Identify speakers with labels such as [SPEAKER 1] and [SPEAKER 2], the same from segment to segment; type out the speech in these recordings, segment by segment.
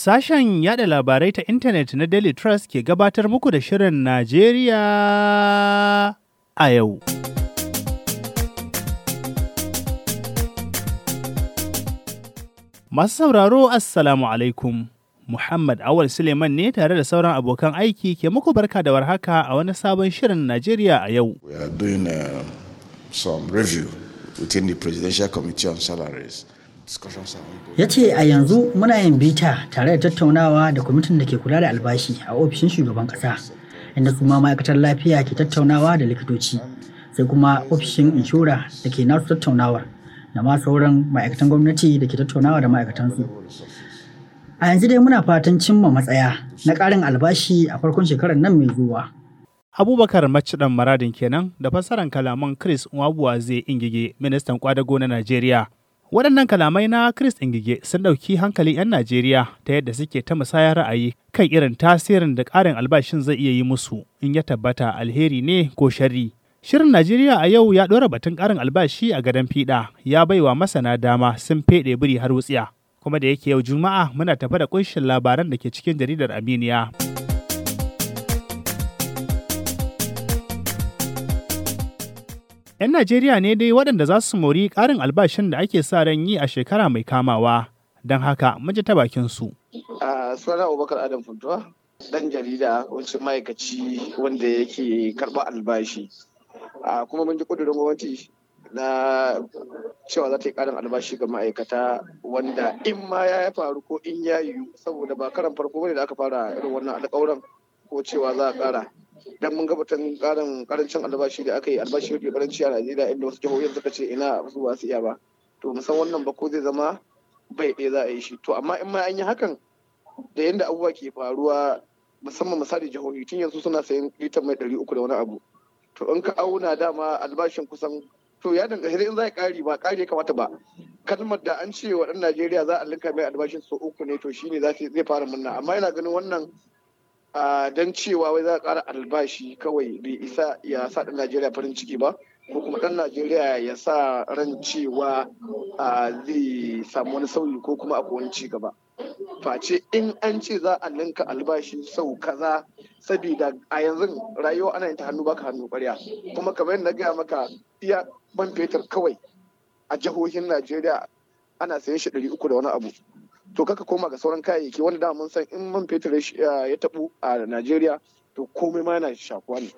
[SPEAKER 1] Sashen yada labarai ta intanet na Daily Trust ke gabatar muku da Shirin Najeriya a yau. Masu sauraro Assalamu alaikum. Muhammad Awal Suleiman ne tare da sauran abokan aiki ke muku barka da warhaka a wani sabon Shirin Najeriya a yau. We
[SPEAKER 2] are doing uh, some review within the Presidential Committee on Salaries.
[SPEAKER 3] yace a yanzu muna yin bita tare da tattaunawa da kwamitin da ke kula da albashi a ofishin shugaban kasa inda suma ma'aikatar lafiya ke tattaunawa da likitoci sai kuma ofishin inshora da ke nasu tattaunawar da ma sauran ma'aikatan gwamnati da ke tattaunawa da ma'aikatan su. a yanzu dai muna fatan cimma matsaya na karin albashi a farkon shekarar nan mai zuwa
[SPEAKER 1] Abubakar Macidan Maradin kenan da fassaran kalaman Chris Nwabuwa zai Ingige, ministan kwadago na Najeriya. Waɗannan kalamai na Chris Ingige sun ɗauki hankalin 'yan Najeriya ta yadda suke ta musayar ra'ayi kan irin tasirin da ƙarin albashin zai iya yi musu in ya tabbata alheri ne ko shari. Shirin Najeriya a yau ya ɗora batun ƙarin albashi a gadon fiɗa ya baiwa masana dama sun feɗe biri har wutsiya. Kuma da yake yau Juma'a muna tafa da ƙunshin labaran da ke cikin jaridar Aminiya. 'Yan Najeriya ne dai waɗanda za su mori ƙarin albashin da ake sa ran yi a shekara mai kamawa, don haka maji ta bakin su.
[SPEAKER 2] Suna Abubakar Adam Funtuwa, ɗan jarida wancan ma'aikaci wanda yake karɓar albashi. Kuma mun ji ƙudurin gwamnati na cewa za ta yi ƙarin albashi ga ma'aikata wanda in ma ya faru ko in ya yiwu saboda ba karan farko ne da aka fara irin wannan alƙawuran ko cewa za a ƙara dan mun gabatar karin karancin albashi da aka yi albashi mafi karanci a Najeriya inda wasu jihohin suka ce ina su ba su iya ba to musan wannan ba ko zai zama bai ɗaya za a yi shi to amma in ma an yi hakan da yadda abubuwa ke faruwa musamman misali jihohi tun yanzu suna sayan litar mai ɗari uku da wani abu to in ka auna dama albashin kusan to ya danga sai in za a ƙari ba ƙari ya kamata ba kalmar da an ce wa ɗan Najeriya za a linka mai albashin su uku ne to shine zai fara murna amma yana ganin wannan don cewa wai za a ƙara albashi kawai bai isa ya sa ɗan Najeriya farin ciki ba ko kuma ɗan Najeriya ya sa ran cewa zai samu wani sauyi ko kuma a wani ci gaba. Face in an ce za a ninka albashi sau kaza sabida a yanzu rayuwa ana yin ta hannu baka hannu ƙwarya kuma kamar yadda na gaya maka iya man fetur kawai a jihohin Najeriya ana sayan shi ɗari uku da wani abu to kaka koma ga sauran kayayyaki wanda da mun san in man fetur ya tabu a Najeriya to komai ma yana shakuwa ne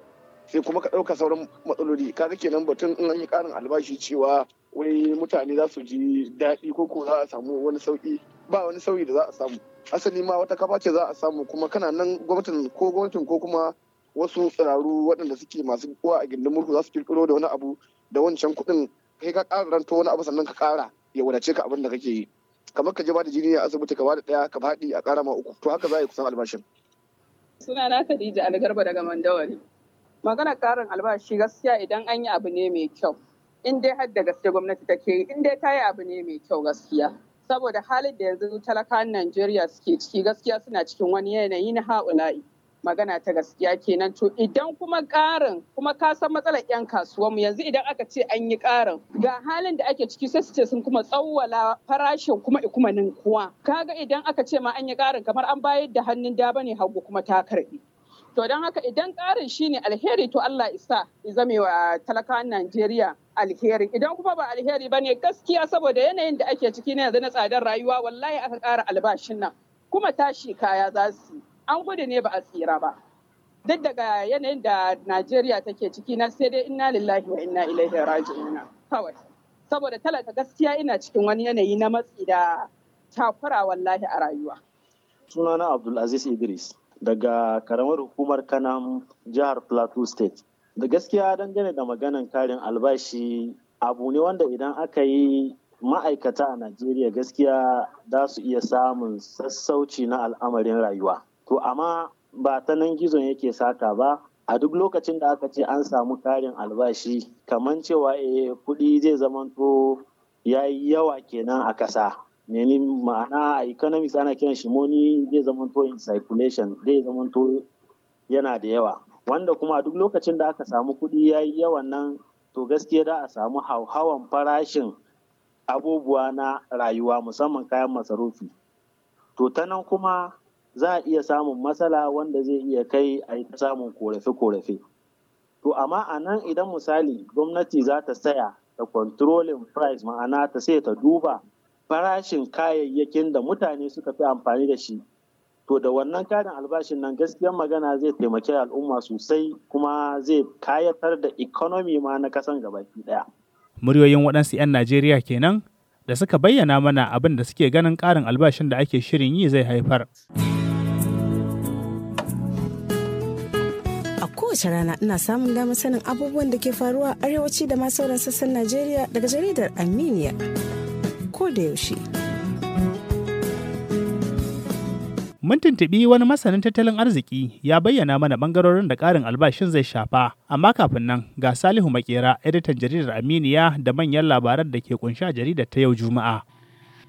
[SPEAKER 2] sai kuma ka ɗauka sauran matsaloli kaga kenan batun in an yi karin albashi cewa wai mutane za su ji daɗi ko ko za a samu wani sauƙi ba wani sauyi da za a samu asali ma wata kafa ce za a samu kuma kana nan gwamnatin ko gwamnatin ko kuma wasu tsiraru waɗanda suke masu kowa a gindin mulku za su kirkiro da wani abu da wancan kuɗin kai ka ƙara ranto wani abu sannan ka ƙara ya wadace ka abin da kake yi kamar ka je bada jini a asibiti ka bada daya ka faɗi a ƙara ma uku to haka za a yi kusan albashin.
[SPEAKER 3] suna na Khadija Algarba daga Mandawari. Maganar ƙarin albashi gaskiya idan an yi abu ne mai kyau. In dai har da gaske gwamnati take yi, in dai ta yi abu ne mai kyau gaskiya. Saboda halin da yanzu talakan Najeriya suke ciki gaskiya suna cikin wani yanayi na ha'ula'i. magana ta gaskiya kenan to idan kuma ƙarin kuma ka san matsalar 'yan kasuwanmu yanzu idan aka ce an yi ƙarin ga halin da ake ciki sai su ce sun kuma tsawwala farashin kuma ikumanin kuwa kaga idan aka ce ma an yi ƙarin kamar an bayar da hannun daba ne hagu kuma ta karbi to don haka idan karin shine alheri to Allah isa zame wa talakawan Najeriya alheri idan kuma ba alheri ba ne gaskiya saboda yanayin da ake ciki na yanzu na tsadar rayuwa wallahi aka kara albashin nan kuma tashi kaya za su yi an gudu ne ba a tsira ba duk daga yanayin da najeriya take ciki na sai dai inna lillahi wa inna ilaihi raji'un kawai saboda talaka gaskiya ina cikin wani yanayi na matsi da takura wallahi a rayuwa
[SPEAKER 4] sunana abdulaziz idris daga karamar hukumar kanan jihar plateau state da gaskiya dangane da maganan karin albashi abu ne wanda idan aka yi ma'aikata a najeriya gaskiya za su iya samun sassauci na al'amarin rayuwa to amma ba ta nan gizon yake saka ba a duk lokacin da aka ce an samu karin albashi kamar cewa e, kuɗi zai zamanto ya yi yawa kenan a ƙasa meni ma'ana a economics ana kiran shi moni zai zamanto in circulation zai zamanto yana da yawa wanda kuma a duk lokacin da aka samu kuɗi ya yi yawan nan to gaskiya da a samu hauhawan farashin abubuwa na rayuwa musamman kayan masarufi to ta nan kuma za a iya samun matsala wanda zai iya kai a yi samun korafe-korafe. To amma a nan idan misali gwamnati za ta saya da controlling price ma'ana ta sai ta duba farashin kayayyakin da mutane suka fi amfani da shi. To da wannan karin albashin nan gaskiyar magana zai taimaki al'umma sosai kuma zai kayatar da economy ma na kasan gabaki daya.
[SPEAKER 1] Muryoyin waɗansu 'yan Najeriya kenan da suka bayyana mana abin da suke ganin ƙarin albashin da ake shirin yi zai haifar.
[SPEAKER 3] kowace rana ina samun damar sanin abubuwan da ke faruwa arewaci da ma sauran sassan Najeriya daga jaridar armenia Ko da yaushe.
[SPEAKER 1] Mun tuntuɓi wani masanin tattalin arziki ya bayyana mana bangarorin da ƙarin albashin zai shafa, amma kafin nan ga Salihu Makera, editan jaridar Aminiya da manyan labaran da ke kunshi a jaridar ta yau Juma'a.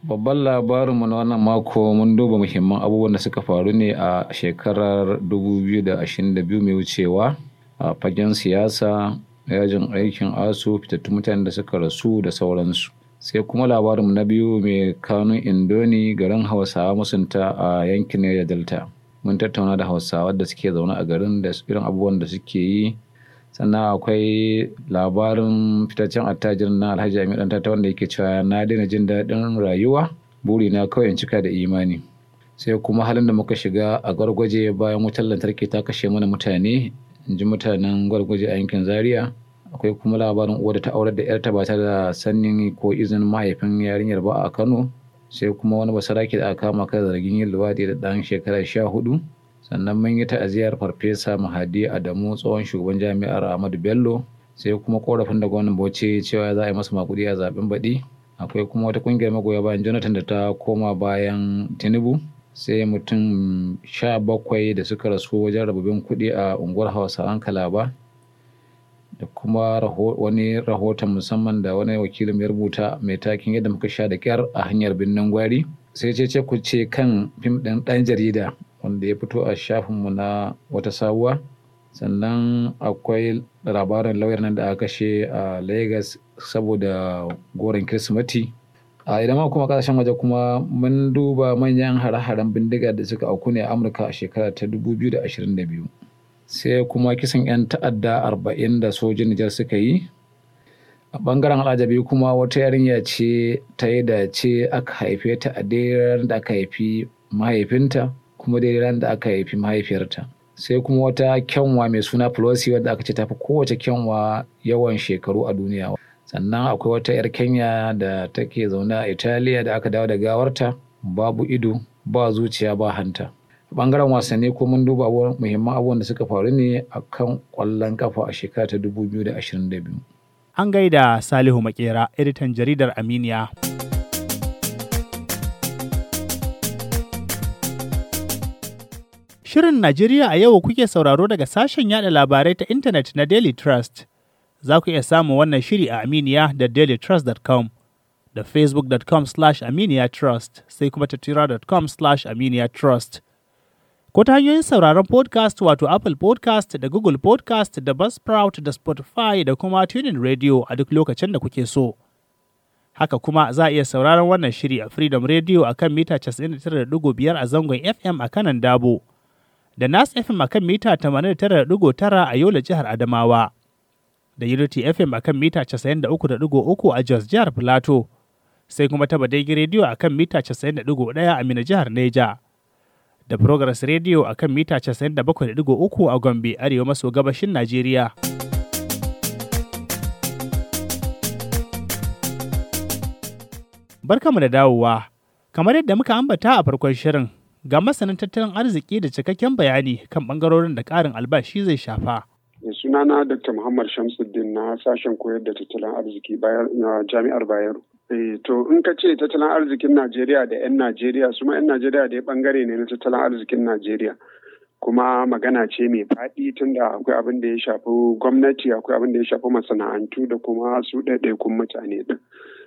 [SPEAKER 5] Babban labarinmu na wannan mako mun duba muhimman abubuwan da suka faru ne a shekarar 2022 mai wucewa a fagen siyasa, yajin aikin asu, fitattun mutanen da suka rasu da sauransu. Sai kuma labarinmu na biyu mai kanun Indoni garin Hausawa musunta a yankin Niger Delta. Mun tattauna da Hausawa da suke zaune a garin da irin abubuwan da suke yi sannan akwai labarin fitaccen attajirin na alhaji amin dan tata wanda yake cewa na daina jin daɗin rayuwa buri na kawai in cika da imani sai kuma halin da muka shiga a gwargwaje bayan wutar lantarki ta kashe mana mutane in ji mutanen gwargwaje a yankin zaria akwai kuma labarin uwa da ta aurar da 'yarta ba ta da sannin ko izinin mahaifin yarinyar ba a kano sai kuma wani basarake da aka kama kan zargin yin luwadi da ɗan shekara sha hudu sannan mun yi ta'aziyar farfesa mahadi adamu tsohon shugaban jami'ar ahmadu bello sai kuma korafin da gwamnan bauchi cewa za a yi masa makudi a zaben baɗi akwai kuma wata kungiyar magoya bayan jonathan da ta koma bayan tinubu sai mutum sha bakwai da suka rasu wajen rababin kuɗi a unguwar hausa an kalaba da kuma wani rahoton musamman da wani wakilin ya rubuta mai takin yadda muka sha da kyar a hanyar birnin gwari sai ce ce ku ce kan fim ɗin ɗan jarida wanda ya fito a shafinmu na wata sabuwa sannan akwai labarin lauyar nan da aka kashe a lagos saboda goron kirsimati a idan ma kuma kasashen waje kuma mun duba manyan hare-haren bindiga da suka auku ne a amurka a shekara ta 2022 sai kuma kisan 'yan ta'adda 40 da sojin nijar suka yi a bangaren al'ajabi kuma wata yarinya ce ta yi da ce aka haife ta a da aka haifi mahaifinta kuma daidai ran da aka haifi mahaifiyarta sai kuma wata kyanwa mai suna Pelosi wadda aka ce tafi kowace kyanwa yawan shekaru a duniya sannan akwai wata 'yar kenya da take zaune a italiya da aka dawo da gawarta babu ido ba zuciya ba hanta bangaren wasanni ko mun duba muhimman abubuwan da suka faru ne a kan kwallon kafa a shekara ta 2022
[SPEAKER 1] an gaida salihu makera editan jaridar aminiya Shirin Najeriya a yau kuke sauraro daga sashen yada labarai ta intanet na Daily Trust. Za ku iya samun wannan shiri a Aminiya da dailytrust.com da facebook.com slash aminiya trust sai kuma tatira.com slash aminiya trust. Ko ta hanyoyin sauraron podcast wato Apple podcast da Google podcast da Buzzsprout da Spotify da kuma Tuning Radio a duk lokacin da kuke so. Haka kuma za a iya sauraron wannan shiri a Freedom Radio a kan mita 99.5 a zangon FM a kanan Dabo. da Nas FM a kan mita 89.9 a Yola jihar Adamawa, da Unity FM a kan mita 93.3 a Jos jihar Filato, sai kuma ta Badegi Radio a kan mita 91.1 a Mina jihar Neja, da Progress Radio a kan mita 97.3 a Gombe, Arewa maso gabashin Najeriya. Barkamu da dawowa, kamar yadda muka ambata a farkon shirin. ga masanin tattalin arziki da cikakken bayani kan bangarorin da ƙarin albashi zai
[SPEAKER 6] shafa. Eh, sunana dr muhammad shamsuddin na sashen koyar da tattalin arziki na jami'ar bayero eh, to in ka ce tattalin arzikin najeriya da 'yan najeriya su ma 'yan najeriya da bangare ne na tattalin arzikin najeriya kuma magana ce mai faɗi tunda akwai abin da ya shafi gwamnati akwai abin da ya shafi masana'antu da kuma su ɗaiɗaikun mutane ɗin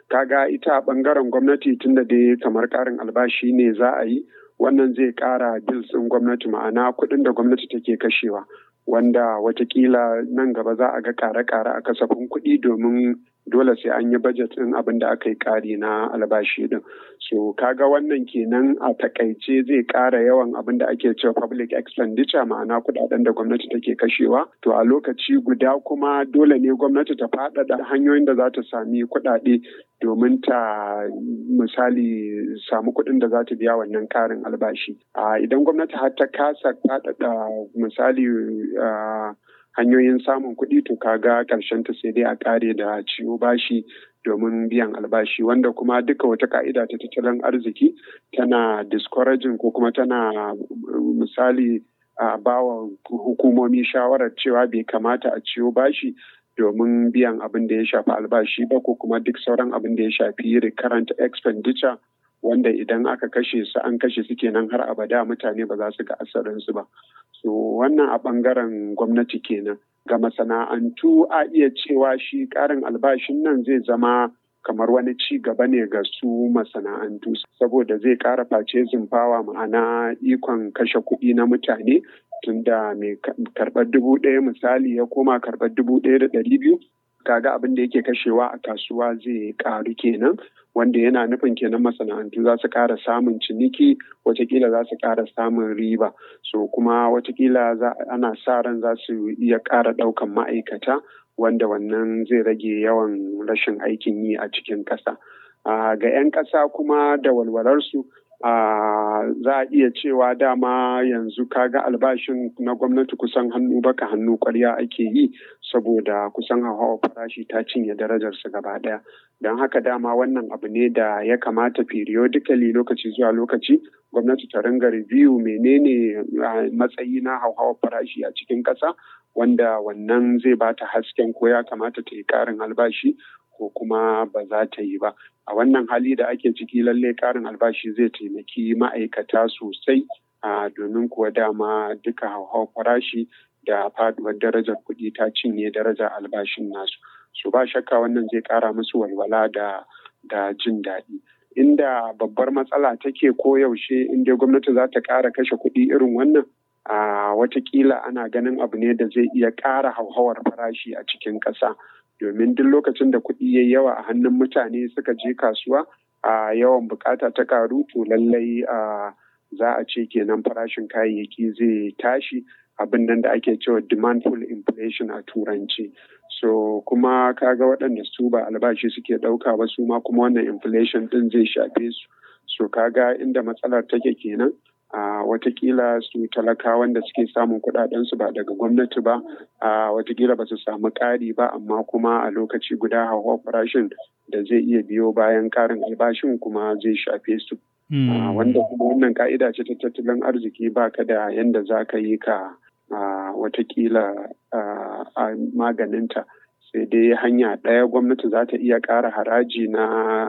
[SPEAKER 6] kaga ita bangaren ɓangaren gwamnati tunda dai kamar ƙarin albashi ne za a yi wannan zai ƙara bills ɗin gwamnati ma'ana kuɗin da gwamnati take kashewa wanda watakila nan gaba za a ga ƙare-ƙare a kasafin kuɗi domin dole sai an yi bajet ɗin abin da aka yi ƙari na albashi ɗin. So kaga wannan kenan a takaice zai ƙara yawan abin da ake cewa public expenditure ma'ana kuɗaɗen da gwamnati take kashewa. To a lokaci guda kuma dole ne gwamnati ta faɗaɗa hanyoyin da za ta sami kuɗaɗe domin ta misali samu kuɗin da za ta biya wannan ƙarin albashi. Idan gwamnati har ta kasa faɗaɗa misali hanyoyin samun kuɗi to kaga ƙarshen ta sai dai a ƙare da ciwo bashi domin biyan albashi wanda kuma duka wata ka'ida ta tattalin arziki tana discouraging ko kuma tana misali a bawa hukumomi shawarar cewa bai kamata a ciwo bashi domin biyan abin da ya shafi albashi ba ko kuma duk sauran abin da ya shafi recurrent expenditure wanda idan aka kashe su an kashe su kenan har abada mutane ba za su ga su ba To wannan a ɓangaren gwamnati kenan. Ga masana'antu a iya cewa shi ƙarin albashin nan zai zama kamar wani ci gaba ne ga su masana'antu saboda zai ƙara face zumfawa ma'ana ikon kashe kuɗi na mutane tunda mai karɓar dubu ɗaya misali ya koma karɓar dubu ɗaya da ɗari biyu kaga abin da yake kashewa a kasuwa zai karu kenan wanda yana nufin kenan masana'antu za su ƙara samun ciniki watakila za su ƙara samun riba so kuma watakila ana sa ran za su iya ƙara ɗaukan ma'aikata wanda wannan zai rage yawan rashin aikin yi a cikin ƙasa ga 'yan ƙasa kuma da walwalarsu Uh, za a iya cewa dama yanzu kaga albashin na gwamnati kusan hannu baka hannu kwarya ake yi saboda kusan hawa farashi ta cinye darajarsa gaba ɗaya. Don haka dama wannan abu ne da ya kamata periodically lokaci zuwa lokaci gwamnati ta ringa review menene matsayi na hauhawar farashi a cikin ƙasa wanda wannan zai ba ta hasken ko ya kamata ta yi ƙarin albashi ko kuma ba za ta yi ba. A wannan hali da ake ciki lalle ƙarin albashi zai taimaki ma'aikata sosai domin kuwa dama duka hauhawar farashi da faduwar darajar kuɗi ta cinye darajar albashin nasu su ba shakka wannan zai ƙara musu walwala da da jin daɗi inda babbar matsala take koyaushe inda gwamnati za ta ƙara kashe kuɗi irin wannan a watakila ana ganin abu ne da zai iya ƙara hauhawar farashi a cikin ƙasa domin duk lokacin da kuɗi ya yawa a hannun mutane suka je kasuwa a yawan bukata ta karu to lallai za a ce kenan farashin kayayyaki zai tashi abin nan da ake cewa demandful inflation a turanci so kuma kaga waɗanda su ba albashi suke ɗauka ba su ma kuma wannan inflation ɗin zai shafe su so kaga inda matsalar take kenan a watakila su talakawan da suke samun kuɗaɗensu ba daga gwamnati ba a watakila ba su samu ƙari ba amma kuma a lokaci guda hawa farashin da zai iya biyo bayan ƙarin albashin kuma zai shafe su hmm. wanda kuma wannan ka'ida ce ta tattalin arziki ba ka da yanda za ka yi ka watakila a maganinta sai dai hanya ɗaya gwamnati za ta iya ƙara haraji na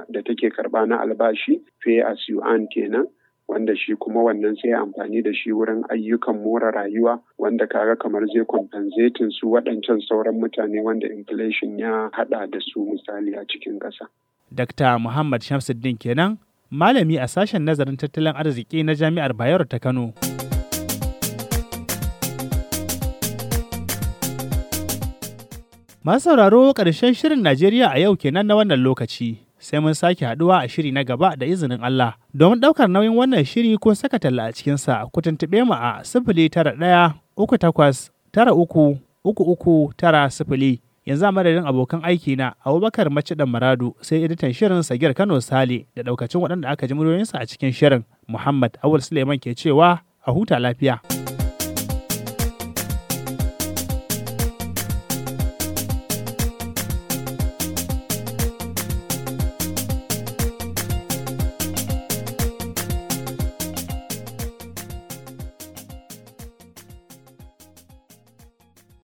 [SPEAKER 6] da take karɓa na albashi pay as you earn kenan wanda shi kuma wannan sai amfani da shi wurin ayyukan mora rayuwa wanda kaga kamar zai compensating su waɗancan sauran mutane wanda inflation ya haɗa da su misali a cikin ƙasa.
[SPEAKER 1] Dr. Muhammad Shamsuddin kenan malami a sashen nazarin tattalin arziki na Jami'ar Bayero ta Kano. Masu sauraro ƙarshen shirin Najeriya a yau kenan na wannan lokaci. Sai mun sake haɗuwa a shiri na gaba da izinin Allah. Domin ɗaukar nauyin wannan shiri ko saka talla a cikinsa, ku tuntuɓe mu a sifili tara ɗaya uku takwas tara uku uku uku tara sifili. Yanzu a madadin abokan aiki na Abubakar Macidan Maradu sai editan shirin Sagir Kano Sale da ɗaukacin waɗanda aka ji muryoyinsa a cikin shirin. Muhammad Awul Suleiman ke cewa a huta lafiya.